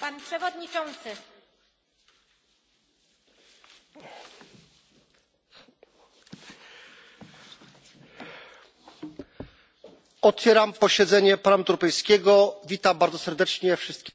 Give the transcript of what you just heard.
pán przewodniczący! otwieram posiedzenie parlamentu europejskiego witam bardzo serdecznie wszystkich.